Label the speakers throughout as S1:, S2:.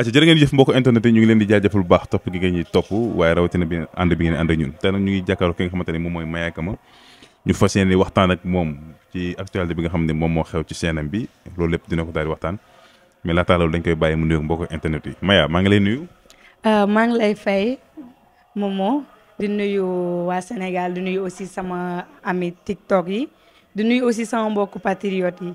S1: acca jërë ngeen jëf mbokk internet yi ñu ngi leen di jaajëfal bu baax topp gi ngeen ñuy topp waaye rawatina bi ànd bi ngeen ànd ak ñun te nag ñu ngi jàkkaarloo ki nga moom mooy Mayaka Ma ñu fas yéene waxtaan ak moom ci actualité bi nga xam ne moom moo xew ci seenam bi loolu lépp dina ko daal di waxtaan mais laata loolu dañ koy bàyyi mu nuyoog mbokk internet yi Maya maa ngi lay nuyu
S2: euh, maa ngi lay fay Momo di nuyu waa Sénégal di nuyu aussi sama ami TikTok yi di nuyu aussi sama mbokku patriote yi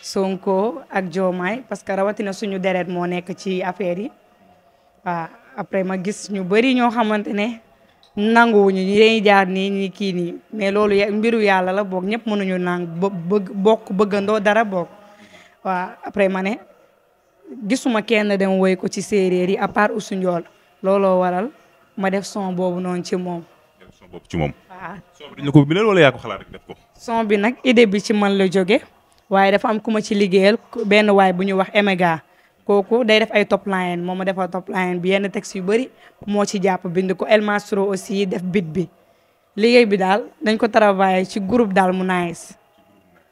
S2: Sonko ak Diomaye parce que rawatina suñu deret moo nekk ci affaire yi waaw après ma gis ñu bëri ñoo xamante ne nanguwuñu ñi dañuy jaar nii ñi kii nii mais loolu mbiru yàlla la boog ñëpp mënuñu nang bëgg bokk bëggandoo dara boog waa après ma ne gisuma kenn dem woy ko ci séeréer yi à part Usu Njool looloo waral ma def son boobu noonu ci moom.
S1: def son boobu ci bi dañ ko yaa ko xalaat rek def ko.
S2: son bi nag idée bi ci man la jóge waye dafa am kuma ci liguel ben waay buñu wax Emega koku day def ay top line moma ma defal top line bi yenn texte yu bari mo ci japp bind ko El Mastro aussi def bit bi liguey bi dal dañ ko travailler ci groupe dal mu nice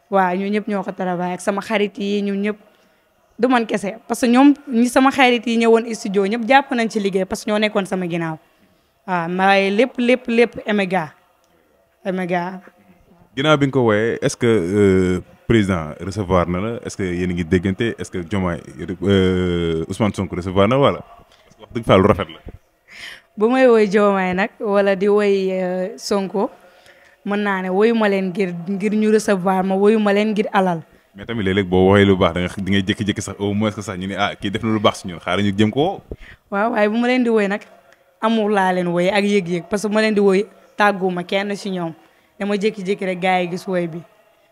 S2: wa ñu ñep ñoko travailler ak sama xarit yi ñu ñep du man kese parce que ñom ñi sama xarit yi ñewon studio ñep japp nañ ci liguey parce que ñoo nekkon sama ginaaw ah, may lepp lepp lepp Emega Emega.
S1: ginaaw bi ko wooyee est-ce que. Euh, président recevoir na la est-ce que yéen ngi déggante est-ce que Diomaye euh, Ousmane Sonko recevoir na wala wax lu rafet la.
S2: bu may woy Diomaye nag wala di woy euh, Sonko mën naa ne woyu ma leen ngir ngir ñu recevoir ma woyu ma leen ngir alal.
S1: mais tamit léeg-léeg boo waxee lu baax da nga di ngay jékki-jékki sax au moins que sax ñu ne ah kii def na lu baax si ñun xaaral ñu jëm koo
S2: waaw waaye bu ma leen di woy nag amour laa leen woy ak yëg-yëg parce que ma leen di woy tàggu ma kenn si ñoom dama jékki-jékki rek gars gis woy bi.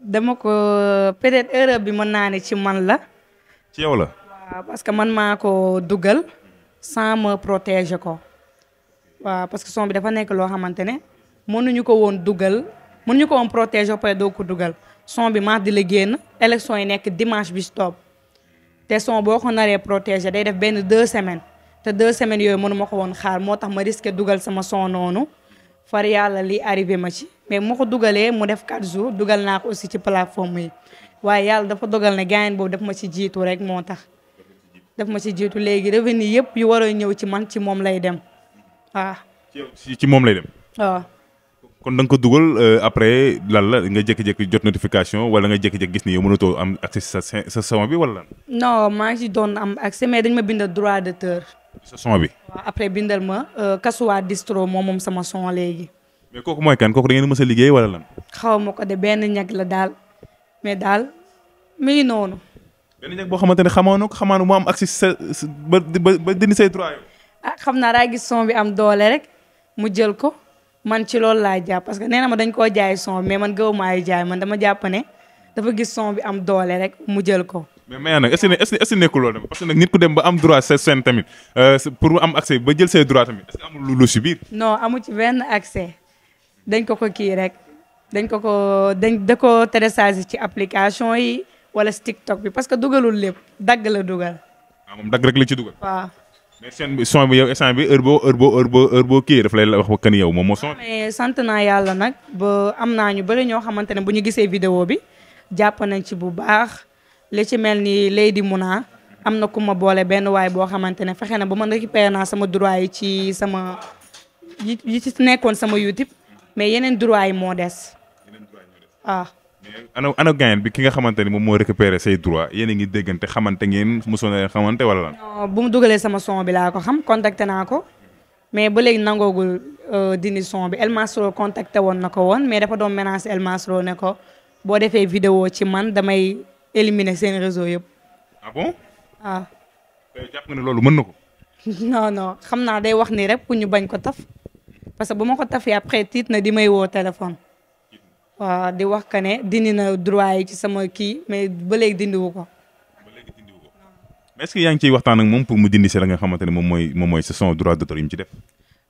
S2: dama ko peut-être erreur bi mën naa ne ci man la. ci yow la. waaw parce que man maa ko dugal sans me protéger ko waaw parce que son bi dafa nekk loo xamante ne mënuñu ko woon dugal mënuñu ko woon protéger ba pare doo ko dugal son bi di la génn élection yi nekk dimanche bi stop te son boo ko naree protéger day def benn deux semaines te deux semaines yooyu mënuma ko woon xaar moo tax ma risqué dugal sama son noonu. far yàlla li arrivé ma ci mais ma ko dugalee mu def 4 jours dugal naa ko aussi ci plateforme yi waaye yàlla dafa dogal ne gaayen boobu daf ma ci jiitu rek moo tax daf ma ci jiitu léegi revenu yëpp yu war a ñëw ci man ci moom lay dem waaw ci moom lay dem waaw
S1: kon da ko dugal euh, après lan la nga jékki-jékki jot notification wala nga jékki-jékki gis ni yow mënatoo am accès sa sa salon bi wala.
S2: non am accès mais dañ ma bind droit d'auteur sa son bi. waaw après bindal ma euh, Kasuwa Distro moom moom sama son léegi. mais kooku
S1: mooy kan kooku da ngeen mës a liggéey wala lan.
S2: xaw ma ko de benn ñag la daal mais daal mi ngi noonu.
S1: benn ñag boo xamante ne xamoon na ko xamaan mu am accès sa ba ba dindi say droit
S2: ah xam naa daa gis son bi am doole rek mu jël ko man ci loolu laa jàpp parce que nee na ma dañ koo jaay son mais man gëw maayu jaay man dama jàppane dafa gis son bi am doole rek mu jël ko.
S1: mais mayaa nag est-ce que est-ce que nekkul loolu tamit parce que nag nit ku dem ba am droit sa seen tamit euh, pour am accès ba jël say droit tamit est-ce que amul lu si biir.
S2: non amu ci benn accès dañ ko ko kii rek dañ ko ko dañ da ko télécharger ci application yi wala si TikTok bi parce que dugalul lépp dagg la dugal. waaw
S1: ah, moom dagg rek la ci dugal.
S2: waaw. mais
S1: seen bi son bi yow instant bi heure boo heure boo heure boo heure boo kii daf lay wax kan yow moom moo son.
S2: mais sant naa yàlla nag ba am naa ñu bëri ñoo xamante ne bu ñu gisee vidéo bi jàpp nañ ci bu baax. li ci mel ni Lady Mouna am na ku ma boole benn waay boo xamante ne fexe na ba man récupéré naa sama droit yi ci sama yi ci nekkoon sama YouTube mais yeneen droit yi moo des waaw. Ah.
S1: ana ana gayen bi ki nga xamante ni moom moo récupéré say droit yéen a ngi déggante xamante ngeen mosoon na xamante wala lan.
S2: non bu mu dugalee sama son bi laa ko xam contacté naa ko mais ba léegi nangoogul euh, dindi son bi El Masro woon na ko woon mais dafa doon menacer El Masro ne ko boo defee vidéo ci man damay. éliminer seen réseau yëpp. ah bon. waaw. Ah.
S1: tey jàpp nga ne loolu mën na ko.
S2: non non xam naa day wax ni rek pour ñu bañ ko taf parce que bu ma ko tafee après tiit na di may woo téléphone. waaw di wax que ne dindi na droit yi ci sama kii mais ba léegi dindiwu ko. ba léegi ko
S1: mais est-ce que yaa ngi ciy waxtaan mu dindi si la nga xamante ne moom mooy moom mooy ce sont droit d'auteur yi mu ci def.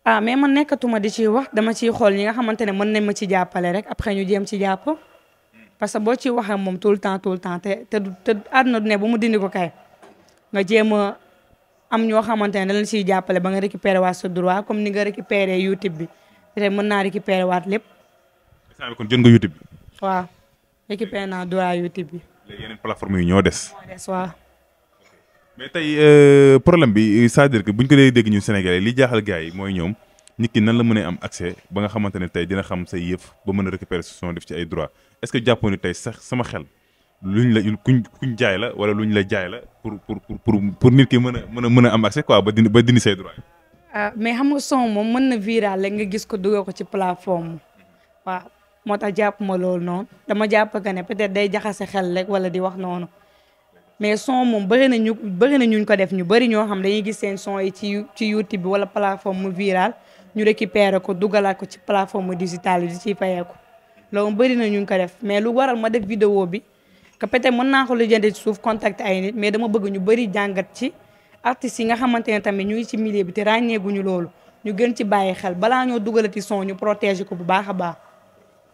S2: ah mais man nekkatuma di ciy wax dama ci xool ñi nga xamante ne mën nañ ma ci jàppale rek après ñu jéem ci jàpp. parce que boo ci waxee moom tout le temps tout le temps te te te àdduna du ne bu mu dindi ko kay nga jéem a am ñoo xamante ne da leen siy jàppale ba nga récupéré waat sa droit comme ni nga récupéré YouTube bi te mën naa récupéré waat lépp.
S1: instant bi kon jën nga YouTube
S2: bi. naa droit YouTube bi.
S1: léegi yeneen plateforme yi ñoo des. ñoo des waaw. mais tey euh, problème bi c'est-à-dire que buñ ko dee dégg ñu Sénégalais li jaaxal gars yi mooy ñoom. nit ki nan la mën a am accès ba nga xamante ne tey dina xam sa yëf ba mën a récupérer son def ci ay droit est-ce que tey sax sama xel luñ la kuñ kuñ jaay la wala luñ la jaay la pour pour pour pour nit ki mën a mën a mën a am accès ba dindi ba dindi say droit
S2: ah, mais xam nga son moom mën na viral rek nga gis ko dugal ko ci plateforme waaw moo tax jàpp ma loolu noonu dama jàpp que ne peut-être day jaxase xel rek wala di wax noonu mais son moom bëri na ñu bëri na ñuñ ko def ñu bëri ñoo xam dañuy gis seen son yi ci ci YouTube bi wala plateforme mu viral ñu récupérer ko dugalaat ko ci plateforme digitale yi di ciy fayeeku loolu bëri na ñu ngi ko def mais lu waral ma def vidéo bi que peut mën naa ko lijjanti ci suuf contact ay nit mais dama bëgg ñu bëri jàngat ci artistes yi nga xamante ne tamit ñu ngi ci milieu bi te ràññeeguñu loolu ñu gën ci bàyyi xel balaa ñoo dugalati son ñu protéger ko bu baax a baax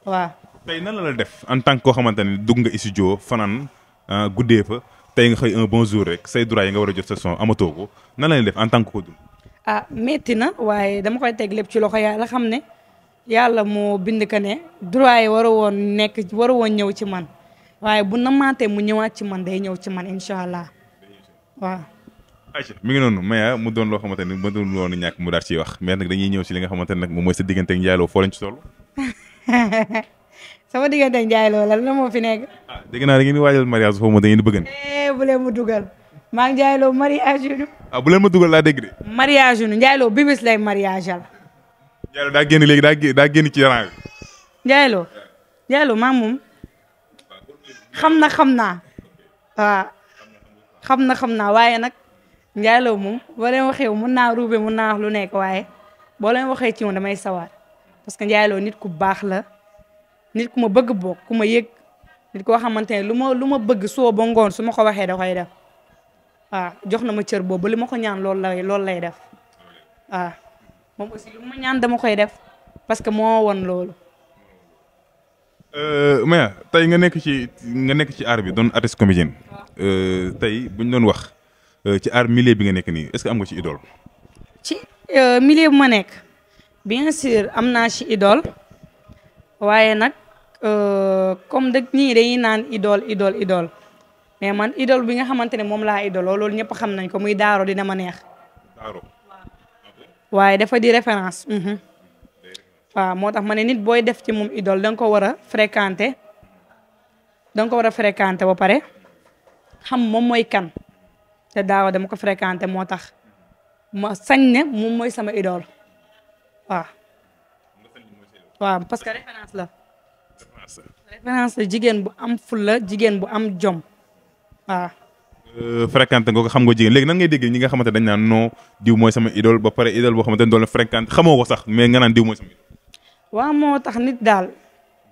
S2: waaw.
S1: tey nan la la def en tant que koo xamante ni dugg nga studio fanaan euh, guddee fa tey nga xëy un bon jour rek say droit yi nga war a son amatoo nan la def en tant que ko dund
S2: ah metti na waaye dama koy teg lépp ci loxo la xam ne yàlla moo bind ka ne droit yi waru woon nekk waru woon ñëw ci man waaye bu namaatee mu ñëwaat ci man day ñëw ci man incha allah waaw.
S1: ayca mi mu doon loo xamante ni mu doon loo ñàkk mu daal ciy wax mais nag dañuy ñëw si li xamante ne nag moom mooy sa diggante ak Ndiaye Lo foo leen ci toll.
S2: sama diggante ak Ndiaye la la moo fi nekk.
S1: ah dégg naa da ngeen di waajal mariage foofu moom da ngeen di bëgg.
S2: Eh, bu leen mu dugal. maa ngi Ndiaye Lo mariage nu.
S1: ah bu leen ma dugal laa dégg de.
S2: mariage yu nu Ndiaye Lo bibis lay mariage la.
S1: Ndiaye Lo ci rang
S2: bi. Ndiaye maa moom xam na xam naa waaw ah, xam na xam naa waaye nag Ndiaye Lo moom boo leen waxee mun naa ruube mun naa wax lu nekk waaye boo leen waxee ci moom damay sawar parce que Ndiaye nit ku baax la nit ku ma bëgg bokk ku ma yëg nit koo xamante ne lu ma lu ma bëgg soo ba ngoon su ma ko waxee da koy def. waaw ah, jox na ma cër boobu li ma ko ñaan loolu lay loolu lay def waaw ah, moom aussi lu ma ñaan dama koy def parce que moo woon loolu.
S1: Euh, Maya tey nga nekk ci nga nekk ci art bi doon artiste comédienne euh, tey bu ñu doon wax euh, ci art milieu bi nga nekk nii est-ce que am nga ci idole.
S2: ci milieu bu ma nekk bien sûr am naa ci idole waaye nag comme dëgg ñii dañuy naan idole idole idole. mais eh, man idol bi nga xamante ne moom laa idoloo loolu ñëpp xam nañ ko muy Daaro dina ma neex. waaye dafa di référence. Mhm. waaw moo tax ma ne nit booy def ci moom idol danga nga ko war a fréquenter da ko war a fréquenter ba pare xam moom mooy kan te Daaro dama ko fréquenter moo tax ma sañ ne moom mooy sama idole waaw. waaw parce que la. référence la jigéen bu am fulla jigéen bu am jom.
S1: waaw. Ah. Euh, fréquente nga ko xam nga jigéen léegi nan ngay déggee ñi nga xamante dañ naan non diw mooy sama idole ba pare idole bo xamante ne doon la fréquente xamoo ko sax mais nga naan diw mooy sama idole.
S2: wa mo tax nit dal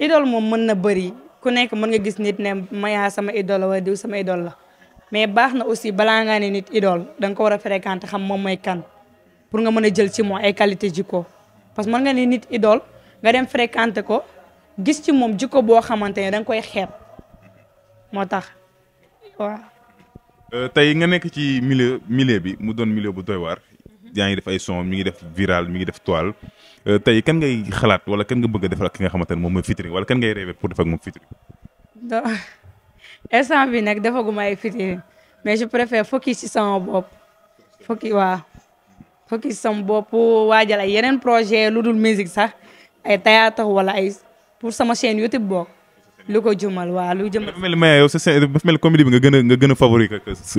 S2: idole moom mën na bëri ku nekk mën nga gis nit ne maya sama idole wa wala diw sama idole la mais baax na aussi balaa ngaa ne nit idole da ko war a fréquente xam moom kan pour nga mën a jël ci moom ay qualité jikko parce que mën nga nit idole nga dem fréquente ko gis ci jiko jikko boo xamante dang da nga koy xeeb waaw.
S1: Euh, tey nga nekk ci milieu milieu bi mu doon milieu bu doy waar. Mhm. yaa ngi def ay son mi ngi def viral mi ngi def toile euh, tey kan ngay xalaat wala kan nga bëgg a defal ak ki nga xamante ne moom mooy fitri wala kan ngay rêver pour def ak moom featuring.
S2: donc instant bi nag defaguma ay featuring mais je préfère focus ci sama bopp waa waaw focus sama bopp waajal ay yeneen projet lu dul musique sax ay théâtre wala ay pour sama chaîne YouTube bokk. lu ko jëmal waa lu jëmal.
S1: dafa mel ni yow sa dafa mel comédie bi nga gën a nga gën a favori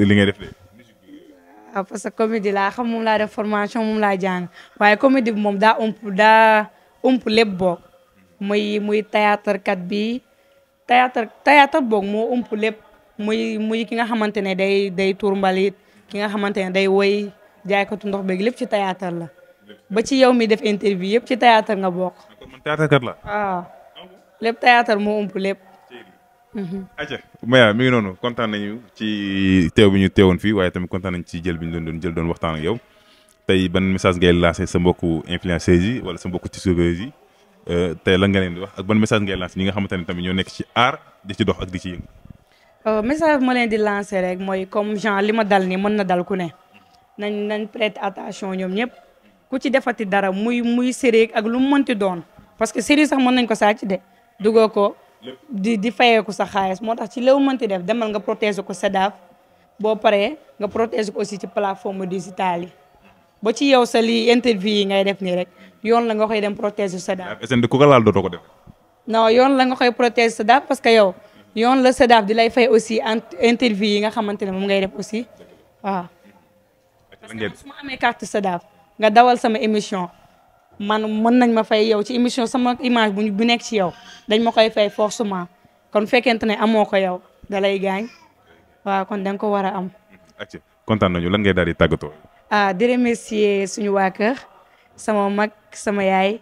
S1: li ngay def de.
S2: waaw ah, parce que comédie laa xam moom laa def formation moom laa jàng waaye comédie bi moom daa ump daa ump lépp boog muy muy kat bi théâtre théâtre boog moo ump lépp muy muy ki nga xamante ne day day tuur mbalit ki nga xamante ne day woy jaaykatu ndox beg lépp ci théâtre la ba ci yow mi def interview yëpp ci théâtre nga bokk. lépp théâtre moo ump lépp.
S1: aja Maya mi ngi kontaan nañu ci teew bi ñu teewoon fii waaye tamit kontaan nañu ci jël bi ñu doon doon jël doon waxtaan yow tey ban message ngay lancé sa mbokku influenceurs wala sa mbokku youtubeurs yi euh, tey la nga leen di wax ak ban message ngay lancé ñi nga xamante ne tamit ñoo nekk ci aar di ci dox ak di ci yëngu.
S2: Euh, message ma di lancé rek mooy comme genre li ma dal nii mën na dal ku ne nañ nañ prête attention ñoom ñëpp ku ci defati dara muy muy série ak lu mu mënti doon parce que série sax mën nañ ko sàcc de. dugoo ko di di ko sa xaalis moo tax ci léw mënti def demal nga protéger ko SEDAF boo paree nga protéger ko aussi ci plateforme digitale yi ba ci yow sa li interview yi ngay def nii rek yoon la nga koy dem protéger SEDAF.
S1: SND ko laal dootoo ko def.
S2: non yoon la nga koy protéger SEDAF parce que yow yoon la SEDAF di lay fay aussi interview yi nga xamante ne moom ngay def aussi waaw. parce su ma amee carte SEDAF nga dawal sama émission. man mën nañ ma fay yow ci émission sama image bu bu nekk ci yow dañ ma koy fay forcément kon fekkente ne amoo ko yow da lay waaw kon da nga ko war a am.
S1: acca kontaan nañu lan ngay daal di tàggatoo.
S2: Ah, di remercier suñu waa kër sama mag sama yaay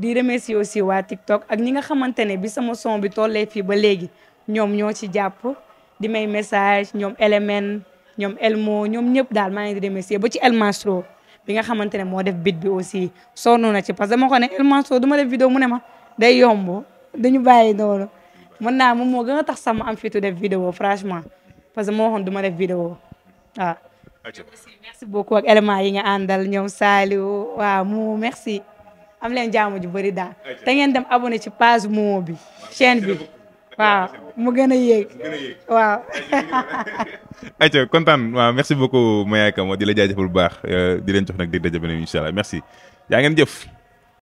S2: di remercier aussi waa TikTok ak ñi nga xamante ne bi sama son bi tollee fii ba léegi ñoom ñoo ci jàpp di may message ñoom Element ñoom Elmo ñoom ñëpp daal maa ngi di remercier ba ci El Mastro bi nga xamante ne moo def bit bi aussi sonn na ci parce que dama ko ne El Mansour ma def mu ne ma day yomb dañu bàyyi noonu mën naa moom moo gën a tax sama am fitu def vidéo franchement parce que moo waxoon du ma def vidéo waaw. merci beaucoup ak élément yi nga àndal ñoom Saliou waaw mu merci am leen jaamu ju bëri daal te ngeen dem abonné ci page Momo bi chaîne bi. waaw mu gën a yéeg waaw.
S1: ayca kon Pam waaw merci beaucoup Mayaka moo di la jaajëfal bu baax euh, di leen jox nag dig daje beneen incha allah merci yaa ngeen jëf.